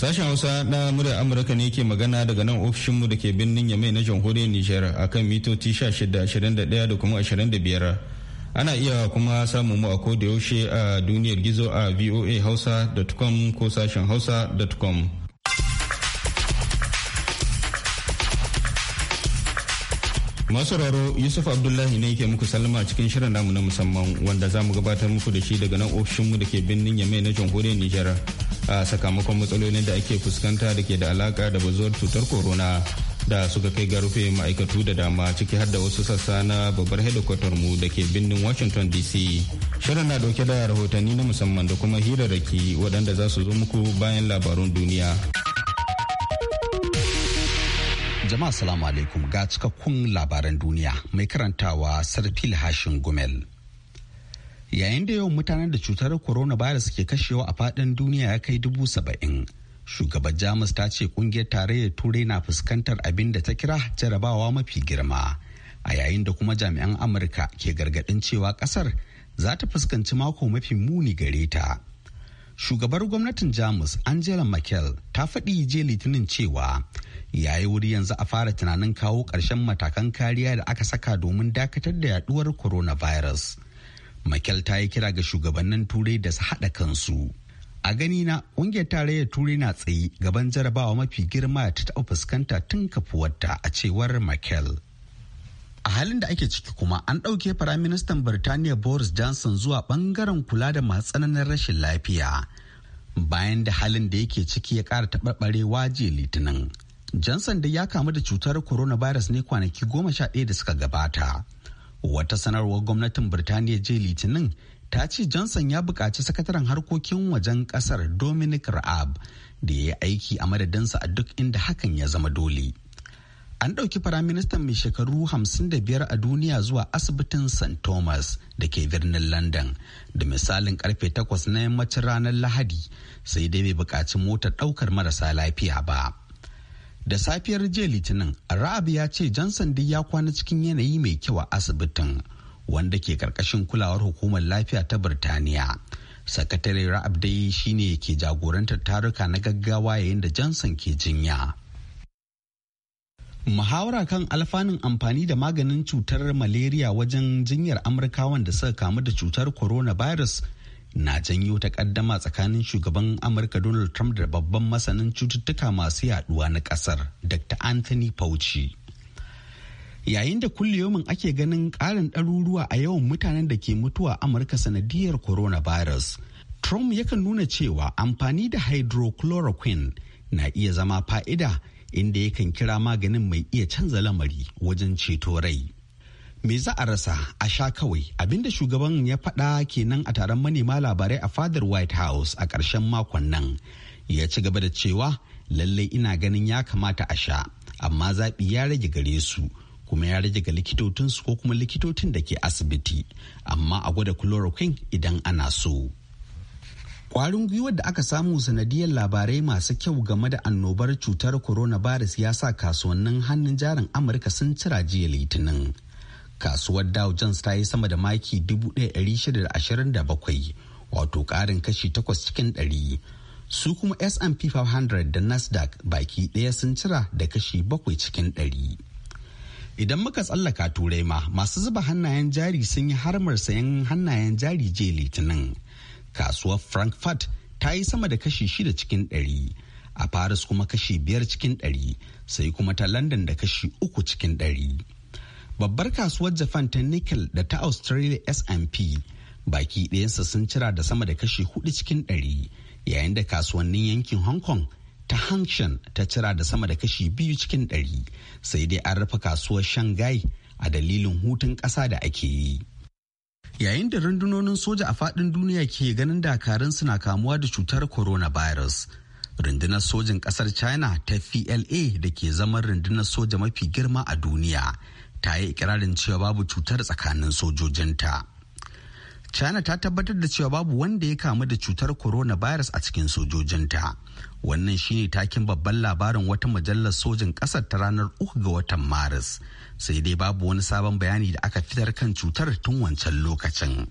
Sashen Hausa na muryar Amurka ne ke magana daga nan ofishinmu da ke birnin Yamai na jamhuriyar Nijar akan mitoci 1621 da kuma 25. Ana iya kuma samun mu a koda yaushe a duniyar gizo a voa Hausa.com ko sashen hausa.com. Masu raro Yusuf Abdullahi ne ke muku sallama cikin shirin namu na musamman wanda za mu gabatar muku da shi daga nan ofishinmu da ke birnin Yamai na jamhuriyar Nijar. a sakamakon matsalolin da ake fuskanta da ke da alaka da bazuwar cutar corona da suka kai ga rufe ma'aikatu da dama ciki har da wasu sassa na babbar hedikwatar mu da ke birnin washington dc shirin na dauke da rahotanni na musamman da kuma hirarraki waɗanda za su zo muku bayan labarun duniya jama'a salamu alaikum ga cikakkun labaran duniya mai karantawa sarfil hashin gumel yayin da yawan mutanen da cutar coronavirus ke kashewa a faɗin duniya ya kai dubu saba'in shugaban jamus ta ce kungiyar tarayyar turai na fuskantar abin da ta kira jarabawa mafi girma a yayin da kuma jami'an amurka ke gargaɗin cewa ƙasar za ta fuskanci mako mafi muni gare ta shugabar gwamnatin jamus angela merkel ta faɗi je litinin cewa ya yi wuri yanzu a fara tunanin kawo ƙarshen matakan kariya da aka saka domin dakatar da yaduwar coronavirus. virus Makel ta yi kira ga shugabannin turai da su haɗa kansu. A gani na ƙungiyar tarayyar turai na tsayi gaban jarabawa mafi girma ta taɓa fuskanta tun kafuwarta a cewar Makel. A halin da ake ciki kuma an ɗauke Firaministan Birtaniya Boris Johnson zuwa ɓangaren kula da masu tsananin rashin lafiya. Bayan da halin da yake ciki ya ƙara taɓarɓarewa jiya Litinin. Johnson da ya kamu da cutar coronavirus ne kwanaki goma sha ɗaya da suka gabata. wata sanarwar gwamnatin birtaniya je litinin ta ce johnson ya buƙaci sakataren harkokin wajen ƙasar dominic raab da ya yi aiki a madadinsa a duk inda hakan ya zama dole an ɗauki firaministan mai shekaru 55 a duniya zuwa asibitin st thomas da ke birnin london da misalin karfe 8 na yammacin ranar lahadi sai dai bai buƙaci motar ɗaukar marasa lafiya ba da safiyar jiya litinin ra'ab ya ce johnson duk ya kwana cikin yanayi mai kyau a asibitin wanda ke karkashin kulawar hukumar lafiya ta birtaniya sakatare ra'ab dai shine ke jagorantar taruka na gaggawa yayin da johnson ke jinya muhawara kan alfanun amfani da maganin cutar malaria wajen jinyar amurkawan da suka kamu da cutar coronavirus na janyo ta takaddama tsakanin shugaban amurka donald trump da babban masanin cututtuka masu yaduwa na kasar dr anthony fauci yayin da kulliyomin ake ganin karin ɗaruruwa a yawan mutanen da ke mutuwa amurka sanadiyar coronavirus trump yakan nuna cewa amfani da hydrochloroquine na iya zama fa'ida inda yakan kira maganin mai iya canza lamari wajen ceto rai me za a rasa a sha kawai abinda shugaban ya faɗa kenan a taron manema labarai a fadar white house a ƙarshen makon nan ya ci gaba da cewa lallai ina ganin ya kamata a sha amma zaɓi ya rage gare su kuma ya rage ga likitotinsu ko kuma likitotin da ke asibiti amma a gwada chloroquine idan ana so. Kwarin gwiwar da aka samu sanadiyar labarai masu kyau game da annobar cutar coronavirus ya sa kasuwannin hannun jarin Amurka sun cira jiya litinin. kasuwar Dow Jones ta yi sama da maki 1,627 wato karin kashi takwas cikin 100. Su kuma S&P 500 da Nasdaq baki ɗaya sun cira da kashi bakwai cikin 100. Idan muka tsallaka turai ma masu zuba hannayen jari sun yi harmar sayan hannayen jari je litinin. Kasuwar Frankfurt ta yi sama da kashi shida cikin dari A Paris kuma kashi biyar cikin ɗari sai kuma ta London da kashi uku cikin ɗari. babbar kasuwar japan ta nickel da ta australia S&P baki ɗayansa sun cira da sama da kashi hudu cikin ɗari yayin da kasuwannin yankin hong kong ta hanshan ta cira da sama da kashi biyu cikin ɗari sai dai an rufe kasuwar shanghai a dalilin hutun ƙasa da ake yi yayin da rundunonin soja a faɗin duniya ke ganin dakarun suna kamuwa da cutar coronavirus rundunar sojin ƙasar china ta pla da ke zaman rundunar soja mafi girma a duniya ta yi ikirarin cewa babu cutar tsakanin sojojinta. China ta tabbatar da cewa babu wanda ya kamu da cutar corona virus a cikin sojojinta. Wannan shine takin babban labarin wata mujallar sojin ƙasar ta ranar uku ga watan Maris. Sai dai babu wani sabon bayani da aka fitar kan cutar tun wancan lokacin.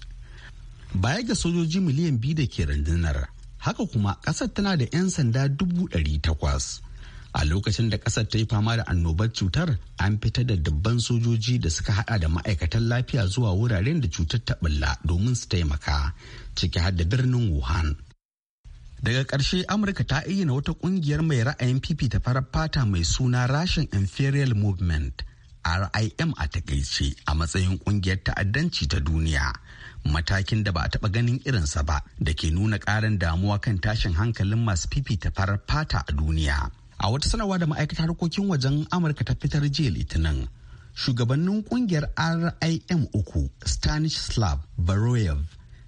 Baya ga sojoji miliyan biyu da ke rundunar, haka kuma ƙasar tana da 'yan sanda dubu ɗari takwas. a lokacin da kasar ta yi fama da annobar cutar an fitar da dubban sojoji da suka hada da ma'aikatan lafiya zuwa wuraren da cutar ta bulla domin su taimaka ciki har da birnin wuhan daga ƙarshe amurka ta ayyana wata ƙungiyar mai ra'ayin fifita farar fata mai suna russian imperial movement rim a takaice a matsayin ƙungiyar ta'addanci ta duniya matakin da ba a taɓa ganin irinsa ba da ke nuna ƙarin damuwa kan tashin hankalin masu fifita farar fata a duniya a wata sanarwa da ma'aikatar harkokin wajen amurka ta fitar jiya litinin shugabannin kungiyar rim uku stanislav baroyev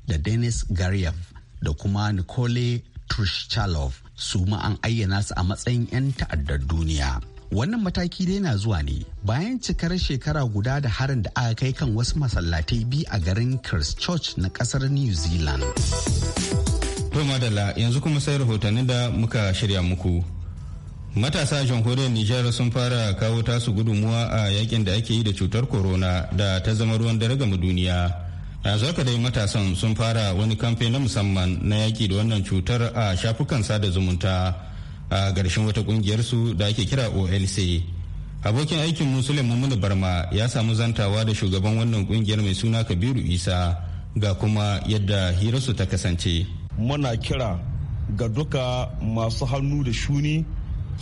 da denis garyev da kuma nikole trushchalov su ma'an an ayyana su a matsayin 'yan ta'addar duniya wannan mataki dai na zuwa ne bayan cikar shekara guda da harin da aka kai kan wasu masallatai biyu a garin christchurch na kasar new zealand to madala yanzu kuma sai rahotanni da muka shirya muku matasa jamhuriyar nijar sun fara kawo tasu gudunmuwa a yakin da ake yi da cutar corona da ta zama ruwan dare ga duniya yanzu haka dai matasan sun fara wani kamfe na musamman na yaki da wannan cutar a shafukan sada zumunta a garshin wata ƙungiyar su da ake kira olc abokin aikin musulun mummuna barma ya samu zantawa da shugaban wannan kungiyar mai suna kabiru isa ga kuma yadda hirarsu ta kasance muna kira ga duka masu hannu da shuni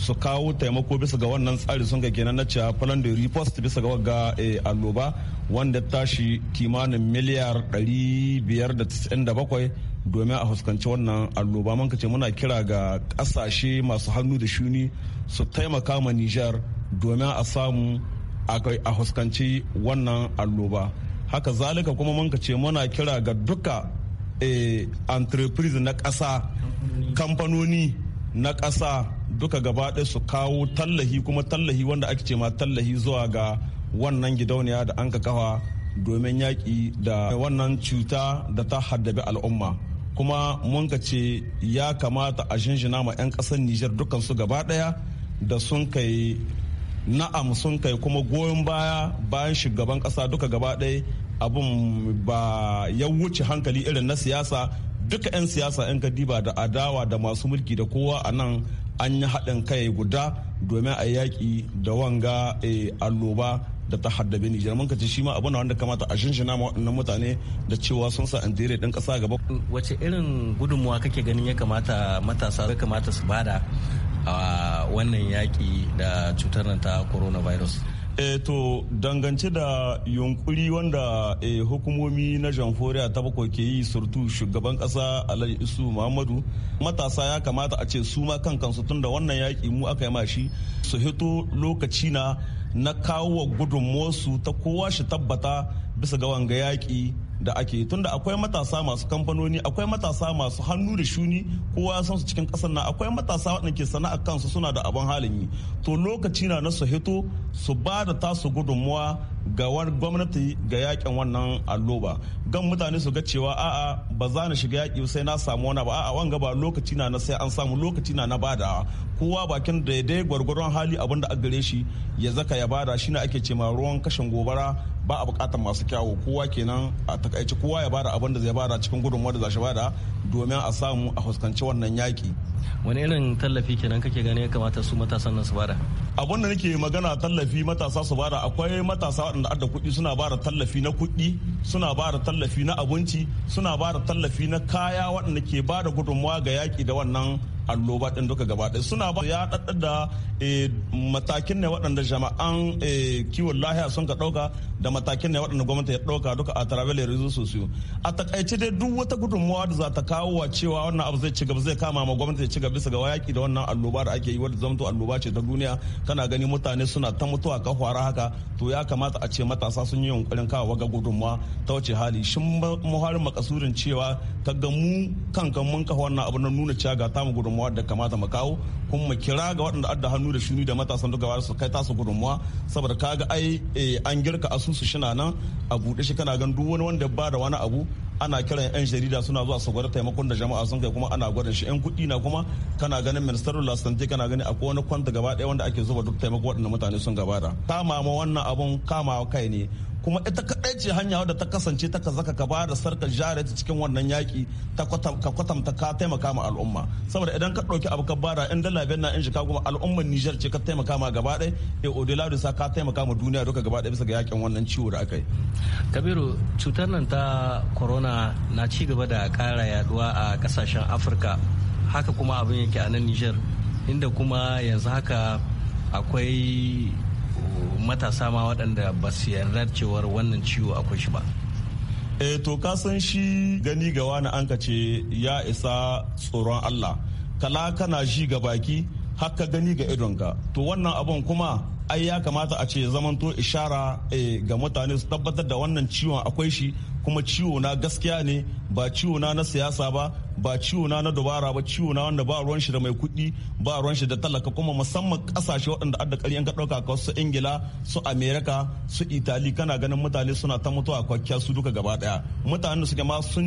su kawo taimako bisa ga wannan tsari sun ga kenan na cewa plan de riposte bisa ga ga eh, alloba wanda tashi kimanin miliyar 597 domin a fuskanci wannan alloba manka ce muna kira ga kasashe masu hannu da shuni su taimaka ma Nijar domin a samu a fuskanci wannan alloba haka zalika kuma manka ce muna kira ga duka eh, entreprise na kasa kamfanoni na ƙasa duka gaba su kawo tallahi kuma tallahi wanda ake ce ma tallahi zuwa ga wannan gidauniya da an ka kafa domin yaƙi da wannan cuta da ta haddabi al'umma kuma mun ka ce ya kamata a shinshina ma 'yan ƙasar nijar dukkan su gaba ɗaya da sun kai na'am sun kai kuma goyon baya bayan shugaban ƙasa duka gaba ɗaya abin ba ya wuce hankali irin na siyasa duka 'yan siyasa 'yan kadiba da adawa da masu mulki da kowa a nan an yi haɗin kai guda domin a yaƙi da wanga eh, alloba da ta haddabe Nijar mun kace shi ma abu na wanda kamata a shinshina ma waɗannan mutane da cewa sun sa an dire ɗan ƙasa gaba. Wace irin gudunmuwa kake ganin ya kamata matasa ya kamata su bada a wannan yaƙi da cutar nan ta coronavirus? E, to dangance da yunkuri wanda e, hukumomi na jamhuriya ta bako ke yi surtu shugaban kasa alhaji isu muhammadu matasa ya kamata a ce su ma kan kansu tunda wannan yaƙi mu aka yi mashi su hito lokaci na na kawo su ta kowa shi tabbata bisa ga wanga yaƙi da ake tunda akwai matasa masu kamfanoni akwai matasa masu hannu da shuni kowa ya san su cikin kasar na akwai matasa waɗanda ke sana'a kansu suna da abin halin yi to lokaci na na su hito su ba da tasu gudunmuwa gawar gwamnati ga yakin wannan alloba gan mutane su ga cewa a'a ba za na shiga yaki sai na samu wani ba a'a wanga ba lokaci na na sai an samu lokaci na na bada kowa bakin daidai gwargwaron hali abinda da a gare shi ya zaka ya bada shine ake ce ma ruwan kashin gobara ba a bukatar masu kyawu kowa kenan a takaici kowa ya bada abin da zai bada cikin gudun da za shi bada domin a samu a fuskanci wannan yaki wani irin tallafi kenan kake gani ya kamata su matasan nan su bada abinda da nake magana tallafi matasa su bada akwai matasa waɗanda adda kuɗi suna ba da tallafi na kuɗi suna ba da tallafi na abinci suna ba da tallafi na kaya waɗanda ke ba da gudunmawa ga yaƙi da wannan annoba ɗin duka gaba ɗaya suna ba ya ɗaɗɗa da eh, matakin ne waɗanda jama'an eh, kiwon lahiya sun ka ɗauka da matakin ne waɗanda gwamnati ya ɗauka duka a tarabe da rezo sosiyo a takaice dai duk wata gudunmawa da za ta kawo wa cewa wannan abu zai ci gaba zai kama ma gwamnati ya ci gaba bisa ga wayaki da wannan annoba da ake yi wadda zamto annoba ce ta duniya kana gani mutane suna ta mutuwa ka kafara haka to ya kamata a ce matasa sun yi yunkurin kawo ga gudunmawa ta wace hali shin muharin makasurin cewa ka mu kanka mun kafa wannan abu na nuna cewa ga tamu gudunmuwa da kamata mu kawo kuma mu kira ga waɗanda adda hannu da shuni da matasan duka su kai tasu gudunmuwa saboda ka ga ai eh, an girka asusu shina nan a buɗe shi kana gan duk wani wanda ba da wani abu ana kiran 'yan jarida suna zuwa su gwada taimakon da jama'a sun kai kuma ana gwada shi 'yan kuɗi na kuma kana ganin of lasante kana ganin akwai wani kwanta gaba ɗaya wanda ake zuba duk taimako waɗanda mutane sun gabata kama ma wannan abun kama kai ne kuma ita kaɗai ce hanya wadda ta kasance ta ka ka ba da sarka jare ta cikin wannan yaƙi ta kwatanta ka taimaka ma al'umma saboda idan ka ɗauki abu ka bara in dala biyar na in shiga kuma al'ummar Nijar ce ka taimaka ma gaba ɗaya e eh, odela sa ka taimaka ma duniya duka gaba ɗaya bisa ga yaƙin wannan ciwo da aka yi. Kabiru cutar nan ta corona na ci gaba da ƙara yaduwa a ƙasashen Afirka haka kuma abin yake a nan Nijar inda kuma yanzu haka akwai matasa ma waɗanda ba su yarda cewar wannan ciwo akwai shi ba E, to ka san shi gani ga wani an ce ya isa tsoron allah kala kana shi ga baki haka gani ga idonka to wannan abun kuma ai ya kamata a ce zamanto ishara eh, ga mutane su tabbatar da wannan ciwon akwai shi kuma ciwo na gaskiya ne ba ciwo na na siyasa ba ba ciwo na na dubara ba ciwo na wanda ba ruwan shi da mai kuɗi ba ruwan shi da talaka kuma musamman kasashe waɗanda adda ƙaryan ka ɗauka ka su ingila su amerika su itali kana ganin mutane suna ta mutuwa kwakkiya su duka gaba ɗaya mutanen suke ma sun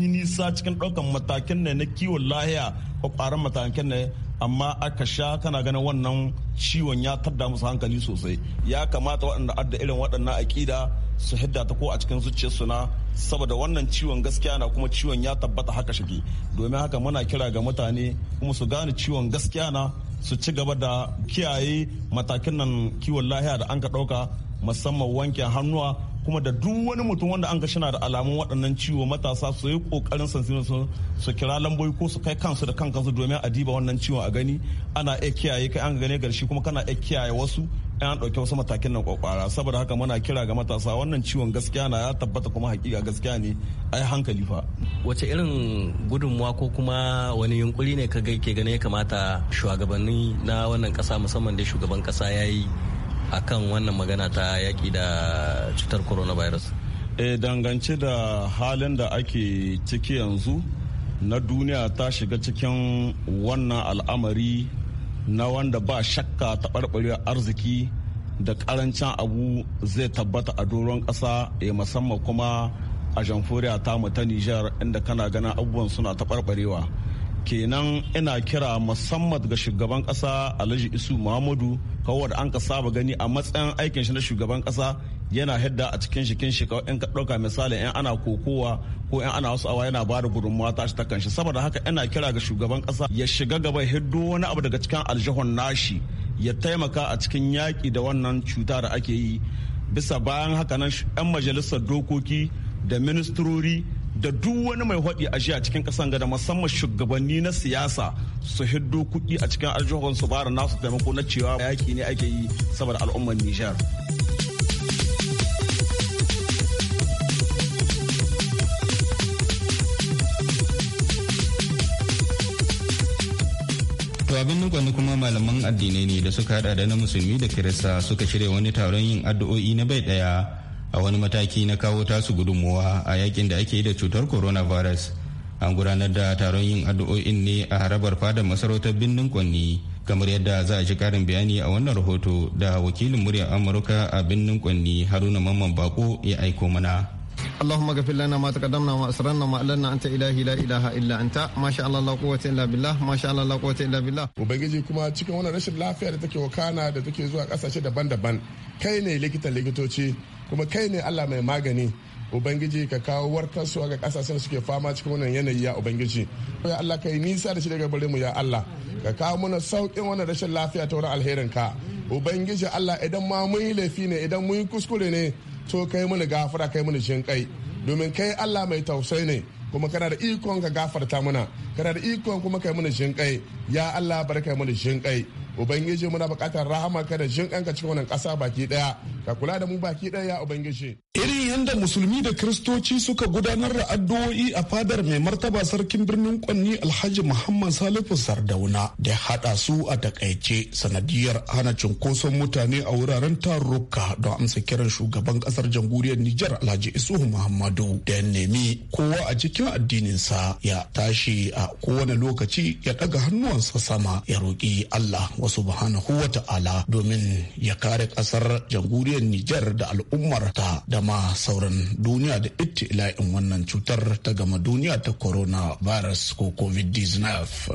yi nisa cikin ɗaukan matakin ne na kiwon lahiya kwakwaran matakin ne amma aka sha kana ganin wannan ciwon ya tadda musu hankali sosai ya kamata waɗanda adda irin waɗannan aƙida su hidda ta ko a cikin zuciyarsu na saboda wannan ciwon gaskiya na kuma ciwon ya tabbata haka shige domin haka muna kira ga mutane kuma su gane ciwon gaskiya na su ci gaba da kiyaye matakin nan kiwon lahiya da an ka ɗauka musamman wanke hannuwa kuma da duk wani mutum wanda an ka shina da alamun waɗannan ciwo matasa su yi ƙoƙarin san su su kira lambobi ko su kai kansu da kan kansu domin a diba wannan ciwon a gani ana iya kiyaye kai an gane garshi kuma kana iya kiyaye wasu an ɗauki wasu matakin nan kwakwara saboda haka muna kira ga matasa wannan ciwon gaskiya na ya tabbata kuma hakika gaskiya ne ai hankali fa wace irin gudunmuwa ko kuma wani yunkuri ne ka ke gane ya kamata shugabanni na wannan kasa musamman da shugaban kasa ya yi akan wannan magana ta yaƙi da cutar coronavirus e dangance da halin da ake ciki yanzu na duniya ta shiga cikin wannan al'amari na wanda ba shakka taɓarɓarewar arziki da karancin abu zai tabbata a doron ƙasa ya eh, musamman kuma a jamhuriya ta mu ta Nijar inda kana ganin abubuwan suna taɓarɓarewa. kenan ina kira musamman ga shugaban kasa alhaji isu muhammadu kawai da an ka saba gani a matsayin aikin shi na shugaban kasa yana hidda a cikin shikin shi in ka ɗauka misali in ana kokowa ko in ana wasu awa yana ba da gudunmawa ta shi ta kanshi saboda haka ina kira ga shugaban kasa ya shiga gaba hiddo wani abu daga cikin aljihun nashi ya taimaka a cikin yaƙi da wannan cuta da ake yi bisa bayan haka nan 'yan majalisar dokoki da ministrori da duk wani mai hwaɗi a jiya cikin ƙasan gada musamman shugabanni na siyasa su hiddo kuɗi a cikin aljihun su bara nasu taimako na cewa yaƙi ne ake yi saboda al'ummar Nijar. To abin nukwanni kuma malaman addinai ne da suka hada da na musulmi da kirista suka shirya wani taron yin addu'o'i na bai daya a wani mataki na kawo tasu gudunmuwa a yakin da ake da cutar coronavirus an gudanar da taron yin addu'o'in ne a harabar fadar masarautar birnin kwanni kamar yadda za a ji karin bayani a wannan rahoto da wakilin muryar amurka a birnin kwanni haruna mamman bako ya aiko mana اللهم اغفر لنا ما تقدمنا وما اسررنا وما اعلنا انت الهي لا اله الا انت ما شاء الله لا قوه الا بالله ما شاء الله لا قوه الا بالله ubangiji kuma cikin wannan rashin lafiya da take wakana da take zuwa kasashe daban-daban kai ne likitan likitoci kuma kai ne allah mai magani ubangiji ka kawo su ga kasashen suke fama cikin wannan yanayi ya ubangiji ya allah ka nisa da shi daga bare mu ya allah ka kawo mana saukin wannan rashin lafiya ta wurin alherin ka ubangiji allah idan ma mun yi laifi ne idan mun yi kuskure ne to kai mana gafara kai mana shinkai domin kai allah mai tausayi ne kuma kana da ikon ka gafarta mana kana da ikon kuma kai mana shin ya allah barka mana shinkai kai ubangiji muna bukatar rahama ka da jin kanka cikin wannan ƙasa baki ɗaya ka kula da mu baki ɗaya ya ubangiji irin yadda musulmi da kiristoci suka gudanar da addu'o'i a fadar mai martaba sarkin birnin kwanni alhaji muhammad salifu sardauna da haɗa su a takaice sanadiyar hana cunkoson mutane a wuraren tarurruka don amsa kiran shugaban ƙasar jamhuriyar nijar alhaji isuhu muhammadu da ya nemi kowa a cikin addininsa ya tashi a kowane lokaci ya ɗaga hannuwansa sama ya roƙi allah wa subhanahu wa ta'ala domin ya kare kasar jamhuriyar Nijar da al'ummar ta da ma sauran duniya da ila'in wannan cutar ta gama duniya ta corona virus ko covid-19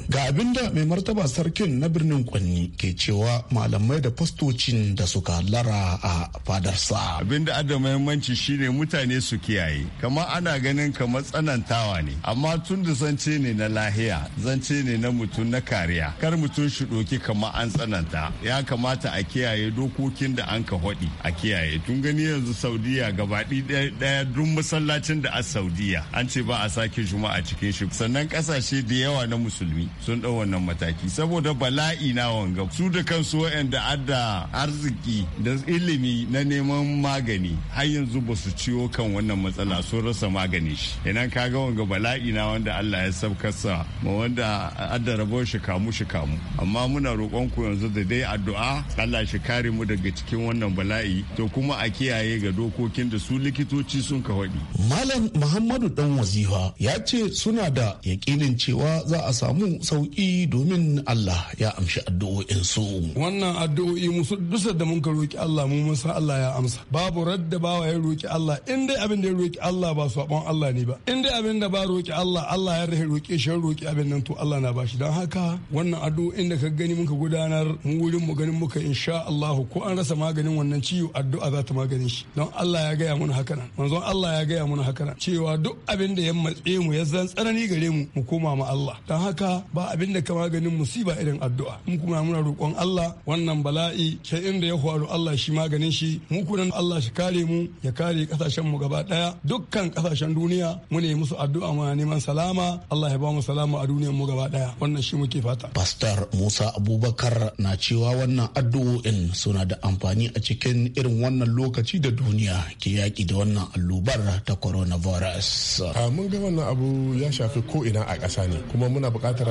ga abinda mai martaba sarkin na birnin kwanni ke cewa malamai da fastocin da suka lara a fadarsa abinda adda mahimmanci shine mutane su kiyaye kama ana ganin kamar tsanantawa ne amma tun da zance ne na lahiya zance ne na mutum na kariya kar mutum shi doki kama. an tsananta ya kamata a kiyaye dokokin da an ka hodi a kiyaye tun gani yanzu saudiya gabaɗi ɗaya duk masallacin da a saudiya an ce ba a sake juma'a cikin shi sannan ƙasashe da yawa na musulmi sun ɗau wannan mataki saboda bala'i na wanga su da kansu da adda arziki da ilimi na neman magani har yanzu ba su ciwo kan wannan matsala sun rasa magani shi idan ka ga wanga bala'i na wanda Allah ya sabkarsa ma wanda adda rabon shi kamu shi kamu amma muna roƙon ku yanzu da dai addu'a Allah shi kare mu daga cikin wannan bala'i to kuma a kiyaye ga dokokin da su likitoci sun ka faɗi. Malam Muhammadu Dan Wazifa ya ce suna da yaƙinin cewa za a samu sauƙi domin Allah ya amshi addu'o'in su. Wannan addu'o'i musu dusar da mun ka roki Allah mu mun san Allah ya amsa. Babu radda bawa ya roki Allah in dai abin da ya roki Allah ba sabon Allah ne ba. In dai abin da ba roki Allah Allah ya rahe roki shi roki abin nan to Allah na bashi don haka wannan addu'o'in da ka gani mun ka guda gudanar mu wurin mu ganin muka insha Allah ko an rasa maganin wannan ciwo addu'a za ta maganin shi don Allah ya gaya mana haka nan manzon Allah ya gaya mana haka nan cewa duk abin da ya matse mu ya zan tsanani gare mu mu koma ma Allah don haka ba abin da ka maganin musiba irin addu'a mu kuma muna roƙon Allah wannan bala'i sha'in da ya faru Allah shi maganin shi mu kunan Allah shi kare mu ya kare kasashen mu gaba daya dukkan kasashen duniya mu ne musu addu'a muna neman salama Allah ya ba mu salama a duniyar mu gaba daya wannan shi muke fata pastor Musa Abubakar jihar na cewa wannan addu'o'in suna da amfani a cikin irin wannan lokaci da duniya ke yaƙi da wannan allubar ta coronavirus. Ah, mun ga wannan abu ya shafi ko ina a ƙasa ne kuma muna buƙatar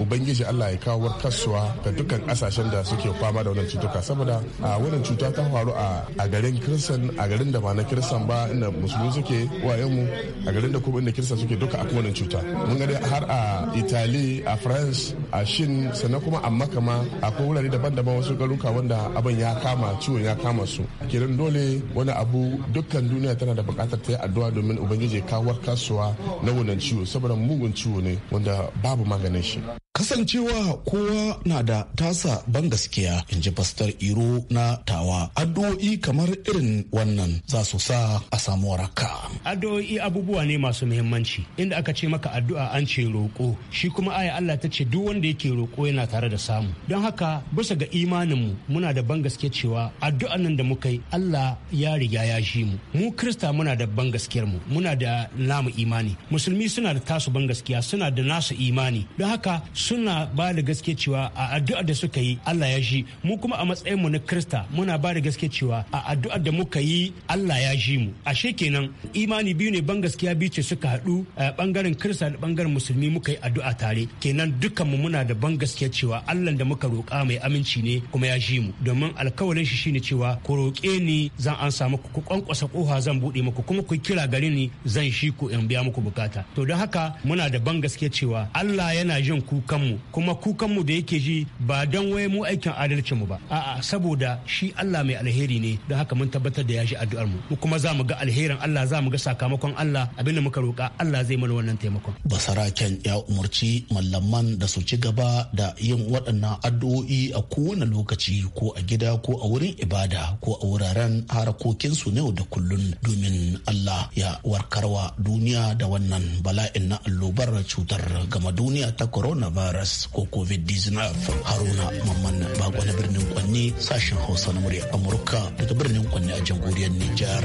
ubangiji Allah ya kawo warkaswa ga dukkan ƙasashen da suke fama da wannan cutuka saboda a ah, wannan cuta ta faru a garin kiristan a garin da ba na kiristan ba inda musulmi suke wayenmu a garin da kuma inda kiristan suke duka akwai wannan cuta mun ga har a Italy a France a Shin sannan kuma a makama akwai wurare daban-daban wasu garuka wanda abin ya kama ciwon ya kama su kiran dole wani abu dukkan duniya tana da bukatar ta yi addu'a domin ubangiji kawar kasuwa na wannan ciwo saboda mugun ciwo ne wanda babu maganin shi kasancewa kowa na da tasa ban gaskiya in ji fastar iro na tawa addu'o'i kamar irin wannan za su sa a samu waraka addu'o'i abubuwa ne masu muhimmanci inda aka ce maka addu'a an ce roƙo shi kuma aya Allah ta ce duk wanda yake roƙo yana tare da samu don haka bisa ga imanin mu muna da ban gaskiya cewa addu'an nan da muka yi Allah ya riga ya ji mu mu krista muna da ban gaskiyar mu muna da namu imani musulmi suna da tasu ban gaskiya suna da nasu imani don haka suna ba da gaske cewa a addu'ar da suka yi Allah ya ji mu kuma a matsayin mu na Krista muna ba da gaske cewa a addu'ar da muka yi Allah ya ji mu ashe kenan imani biyu ne ban gaskiya biyu ce suka haɗu bangaren Krista da bangaren musulmi muka yi addu'a tare kenan dukkan mu muna da ban gaskiya cewa Allah da muka roƙa mai aminci ne kuma ya ji mu domin alkawarin shi shine cewa ku roƙe ni zan an samu ku kwankwasa koha zan buɗe muku kuma ku kira gare ni zan shi ku in biya muku bukata to don haka muna da ban gaskiya cewa Allah yana jin ku kukanmu kuma kukanmu da yake ji ba don waye mu aikin mu ba a'a saboda shi Allah mai alheri ne da haka mun tabbatar da ya addu'ar mu kuma za mu ga alherin Allah za mu ga sakamakon Allah abinda muka roƙa Allah zai mana wannan taimakon basaraken ya umarci mallaman da su ci gaba da yin waɗannan addu'o'i a kowane lokaci ko a gida ko a wurin ibada ko a wuraren harakokinsu na yau da kullun domin Allah ya warkarwa duniya da wannan bala'in na allobar cutar gama duniya ta corona. virus ko covid-19 haruna mamman bako na birnin kwanni sashen hausa na murya amurka daga birnin kwanni a jamhuriyar nijar.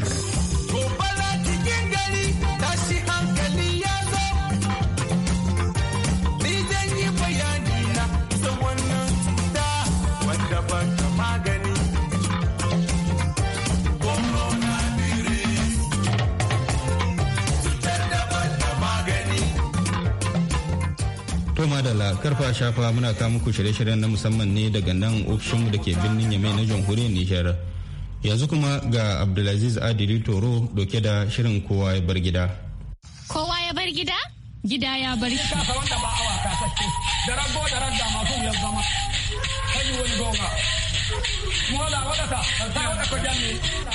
karfa shafa muna kawo muku shirye-shiryen na musamman ne daga nan ofishinmu da ke birnin yamai na jamhuriyar nijar yanzu kuma ga abdulaziz adili toro doke da shirin kowa ya bar gida kowa ya bar gida gida ya bar shi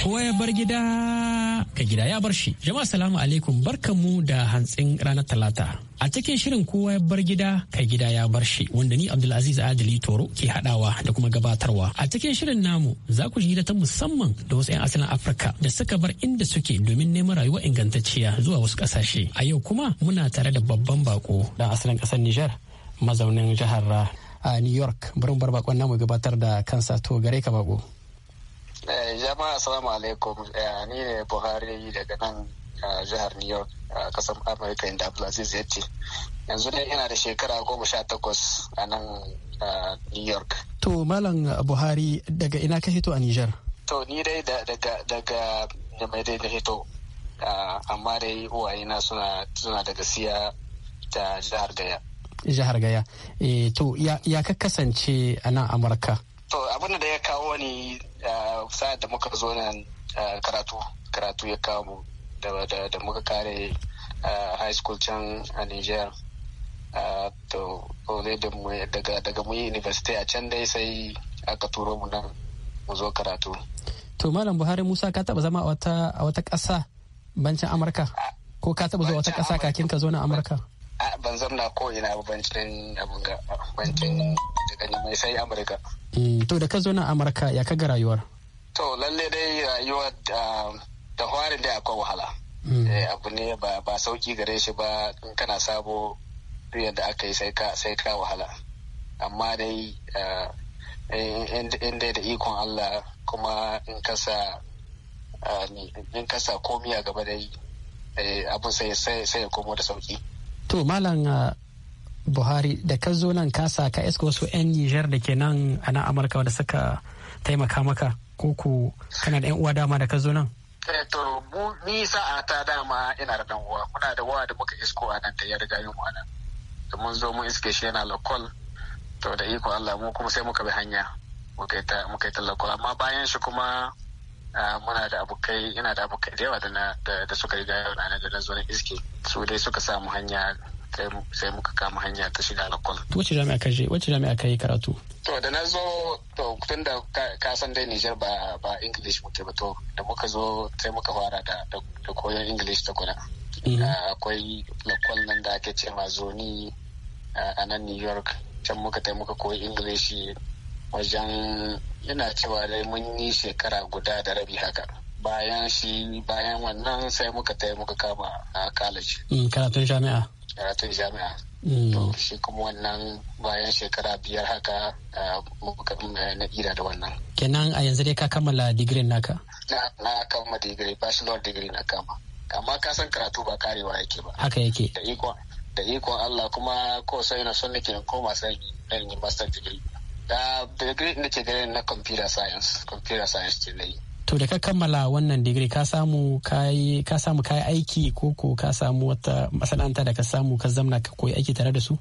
kowa ya bar gida ka gida ya bar shi jama'a salamu alaikum barkanmu da hantsin ranar talata a cikin shirin kowa ya bar gida kai gida ya bar shi wanda ni abdulaziz adili toro ke hadawa da kuma gabatarwa a cikin shirin namu za ku ji ta musamman da wasu 'yan asalin afirka da suka bar inda suke domin neman rayuwa ingantacciya zuwa wasu kasashe a yau kuma muna tare da babban bako da asalin kasar nijar mazaunin jihar a ah, new york Barin bar bakon namu gabatar da kansa to gare ka bako Eh, jama'a assalamu alaikum eh, ni ne buhari daga nan eh, jihar new york a kasar amurka inda abdulaziz ya ce yanzu ne yana da shekara goma sha takwas a nan new york to malam buhari daga ina ka hito a niger to ni dai daga daga mai dai da hito amma dai uwayena suna suna daga siya ta jihar gaya jihar gaya to ya ka kasance a nan amurka to abin da ya kawo ni eh, sa'ad da muka zo nan eh, karatu karatu ya kawo mu da muka kare eh, high school can a niger to daga mu yi university a can dai sai aka turo mu nan mu zo karatu to malam buhari musa ka taba zama a wata ƙasa bancin amurka ko ka taba zuwa wata ƙasa kakin ka zo na amurka ban zamna ko ina bancin abin ga bancin ɗari mai sai amurka eh, to da ka zo na amurka ya kaga rayuwar to lalle dai rayuwa ah, da hwarin da akwai wahala hmm. eh, abu ne ba sauki gare shi ba in kana sabo duk yadda aka yi sai ka sai ka wahala amma dai ah, in dai da ikon Allah kuma in kasa ah, in kasa komi a gaba dai eh, abin sai sai ya komo da sauki to malam buhari da ka zo nan ka sa ka iska wasu 'yan nijar da ke nan a nan amurka da suka taimaka maka ko ku kana da 'yan uwa dama da ka zo nan eh, to mu ni sa'a ta dama ina da dan uwa muna da wa da muka isko a nan da ya riga yin wa nan mun zo mun iske shi yana lokal to da iko Allah mu kuma sai muka bi hanya muka yi ta muka ta amma bayan shi kuma muna da abokai ina da abokai da yawa da da suka riga yau na da na zo na iske su dai suka samu hanya sai muka kama hanya ta shiga lakol. Wace jami'a ka je? Wace jami'a ka yi karatu? To da na zo to tun da ka san dai Nijar ba ba English muke ba to da muka zo sai muka fara da da koyon English ta kuna. Mhm. Ah, akwai kwal nan da ake cewa zoni ah, a nan New York can muka tai muka koyi English wajen yana cewa dai mun yi shekara guda da rabi haka. bayan shi bayan wannan sai muka tai muka kama a college mm, karatun jami'a karatun jami'a mm. shi kuma wannan bayan shekara biyar haka muka eh, na ira da wannan kenan a yanzu dai ka kammala digirin naka na kama digiri bachelor digiri na kama amma ka san karatu ba karewa yake ba haka yake da ikon da ikon Allah kuma ko sai na son nake koma sai dan yi master degree da degree nake gare na computer science computer science ce nayi to da ka kammala wannan digiri ka samu kayi ka samu kayi aiki ko ko ka samu wata masana'anta da ka samu ka zamna ka koyi aiki tare da su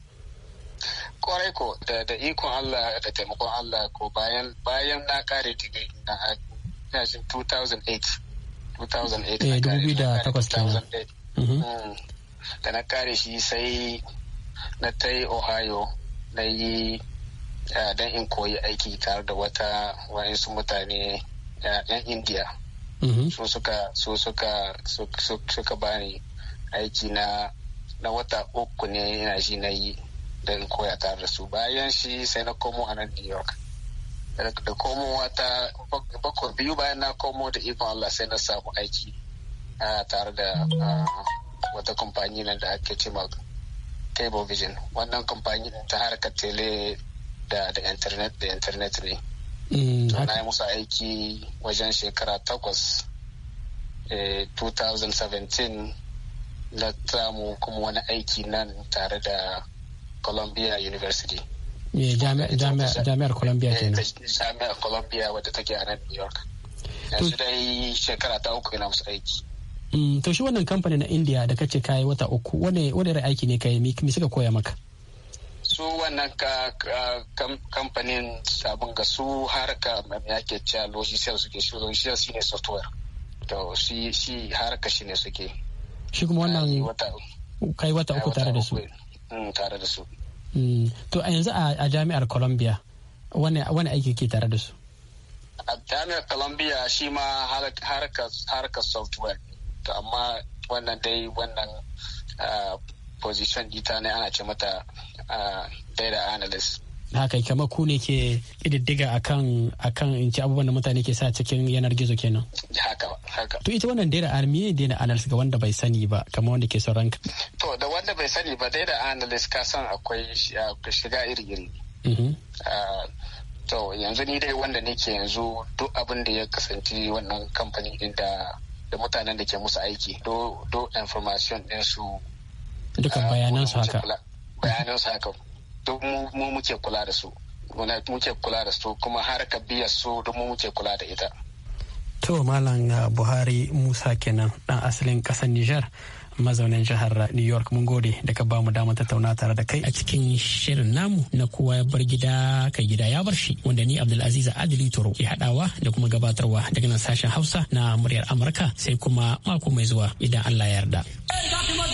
kwarai ko da ikon Allah da taimakon Allah ko bayan bayan na kare digiri na ina jin 2008 2008 eh, mm-hmm. mm. da na kare shi sai na ta yi ohio na yi ah, dan in koyi aiki tare da wata wa'insu mutane yan indiya mm-hmm. su suka su suka suka bani aiki na na wata uku ne yana shi na yi da in koya tare da su bayan shi sai na komo a nan new york da komowa ta bako biyu bayan na komo da ikon allah sai na samu aiki tare da wata kamfani na da ake ce cable vision wannan kamfani ta harkar tele da internet da internet ne Mm, to na yi musu aiki wajen shekara takwas 2017 eh, na samu kuma wani aiki nan tare da columbia university eh, jami'ar columbia eh, nan. jami'ar columbia wadda take a nan new york yanzu dai shekara ta uku yana musu aiki mm, to shi wannan kamfani na india da kace kayi wata uku wane wane aiki ne kai mi suka koya maka su wannan kamfanin sabon ga su harka mai ke cewa logistics suke shi logistics shine software to shi shi harka shine suke shi kuma wannan kai wata uku tare da su mm, tare da su mm, to a yanzu a jami'ar columbia wani aiki ke tare da su a jami'ar columbia shi ma ka software to amma wannan dai wannan ah, position dita ne ana ce mata data analyst haka kama ku ne ke ƙididdiga akan akan in ci abubuwan da mutane ke sa cikin yanar gizo kenan haka haka to ita wannan data analyst me data analyst ga wanda bai sani ba kamar wanda ke sauran ka to da wanda bai sani ba data analyst ka san akwai shiga iri-iri mm-hmm. to yanzu ni dai wanda nake yanzu duk abin da ya kasance wannan kamfani da da mutanen da ke musu aiki do do information din su dukan eh, bayanan su haka bayanan su haka duk mu muke kula da su muke kula da su kuma har ka biya su duk mu muke kula da ita to malam uh, buhari musa kenan dan asalin kasar niger mazaunin jihar uh, New York mun gode da ka mu damar tattauna tare da kai a cikin shirin namu na kowa ya bar gida kai gida ya bar shi wanda ni Abdulaziz Adili Toro ke hadawa da kuma gabatarwa daga nan sashen Hausa na muryar Amurka sai kuma mako mai zuwa idan Allah ya yarda. Eh,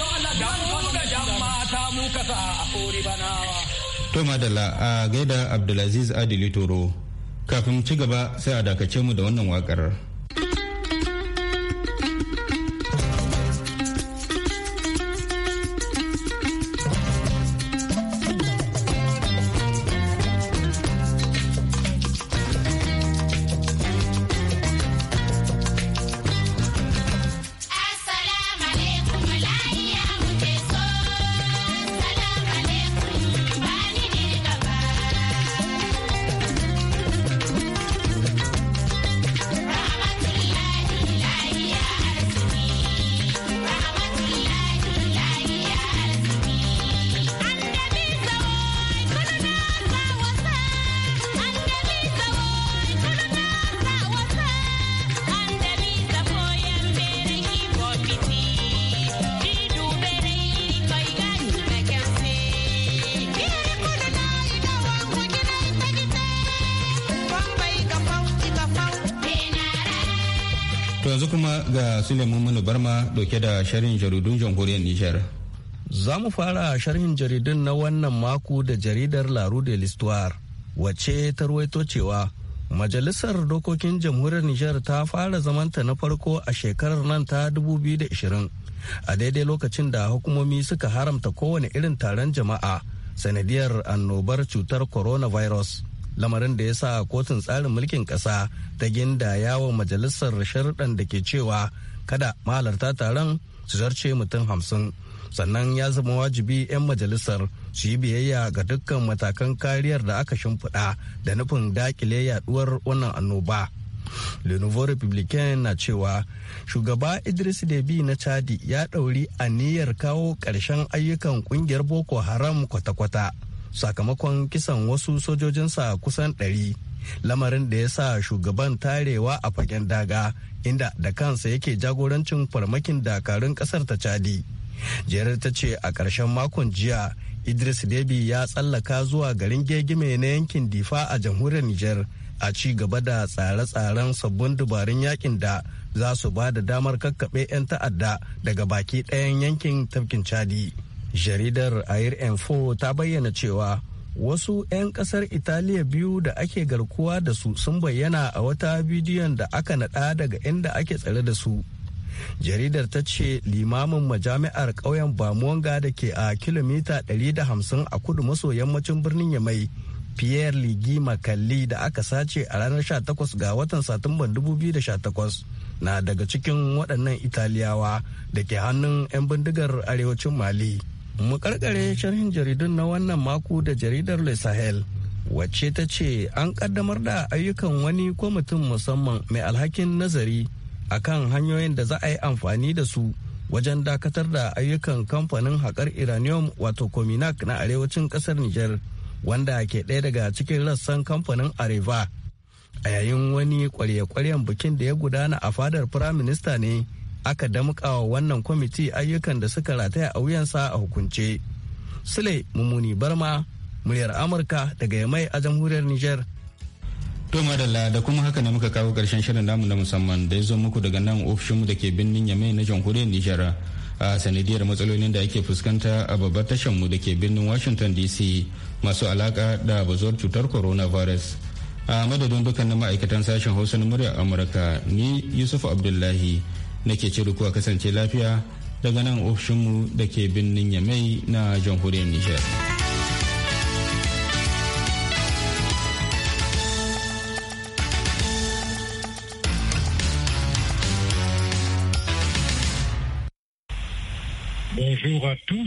a kori To Madalla a gaida Abdulaziz Adili Toro kafin ci gaba sai a dakace mu da wannan wakar. ga Suleiman Manu Barma dauke da sharhin jaridun jamhuriyar Nijar. Za mu fara sharhin jaridun na wannan mako da jaridar Laru de l'Histoire wace ta ruwaito cewa Majalisar Dokokin Jamhuriyar Nijar ta fara zamanta na farko a shekarar nan ta 2020 a daidai lokacin da hukumomi suka haramta kowane irin taron jama'a sanadiyar annobar cutar coronavirus. lamarin da ya sa kotun tsarin mulkin ƙasa ta ginda yawon majalisar sharuɗan da ke cewa kada mahalarta taron su zarce mutum hamsin sannan ya zama wajibi 'yan majalisar su yi biyayya ga dukkan matakan kariyar da aka shimfiɗa da nufin dakile yaduwar wannan annoba. le nouveau republicain na cewa shugaba idris debi na chadi ya ɗauri aniyar kawo ƙarshen ayyukan ƙungiyar boko haram kwata-kwata sakamakon kisan wasu sojojinsa kusan ɗari lamarin da ya sa shugaban tarewa a fagen daga inda da kansa yake jagorancin farmakin dakarun kasar ta chadi jerar ta ce a ƙarshen makon jiya idris debi ya tsallaka zuwa garin gegime na yankin difa a jamhuriyar niger a ci gaba da tsare-tsaren sabbin dubarun yakin da za su ba da damar kakkaɓe 'yan ta'adda daga baki ɗayan yankin tafkin chadi jaridar air info ta bayyana cewa wasu 'yan kasar italiya biyu da ake garkuwa da su sun bayyana a wata bidiyon da aka nada daga inda ake tsare da su jaridar ta ce limamin majami'ar ƙauyen bamuwanga da ke a kilomita 150 a kudu maso yammacin birnin yamai pierre ligi makalli da aka sace a ranar 18 ga watan satumban 2018 na daga cikin waɗannan italiyawa da ke hannun 'yan bindigar arewacin mali mu karkare sharhin jaridun na wannan mako da jaridar le sahel wacce ta ce an kaddamar da ayyukan wani kwamitin musamman mai alhakin nazari akan hanyoyin da za a yi amfani da su wajen dakatar da ayyukan kamfanin haƙar iranium wato cominac na arewacin ƙasar niger wanda ke ɗaya daga cikin rassan kamfanin areva a yayin wani ƙwarye kwaryen bikin da ya gudana a fadar firaminista ne aka damƙa wa wannan kwamiti ayyukan da suka rataya a wuyansa a hukunce. Sule Mumuni Barma, muryar Amurka daga Yamai a jamhuriyar Nijar. To madalla da kuma haka ne muka kawo karshen shirin namu na musamman da ya zo muku daga nan ofishinmu da ke birnin Yamai na jamhuriyar Nijar. a sanadiyar matsalolin da ake fuskanta a babbar mu da ke birnin washington dc masu alaka da bazuwar cutar coronavirus a madadin dukkanin ma'aikatan sashen hausa na murya amurka ni yusuf abdullahi nake ce kuwa kasance lafiya daga nan ofishinmu da ke birnin yamai na jamhuriyar nijar Bonjour à tous.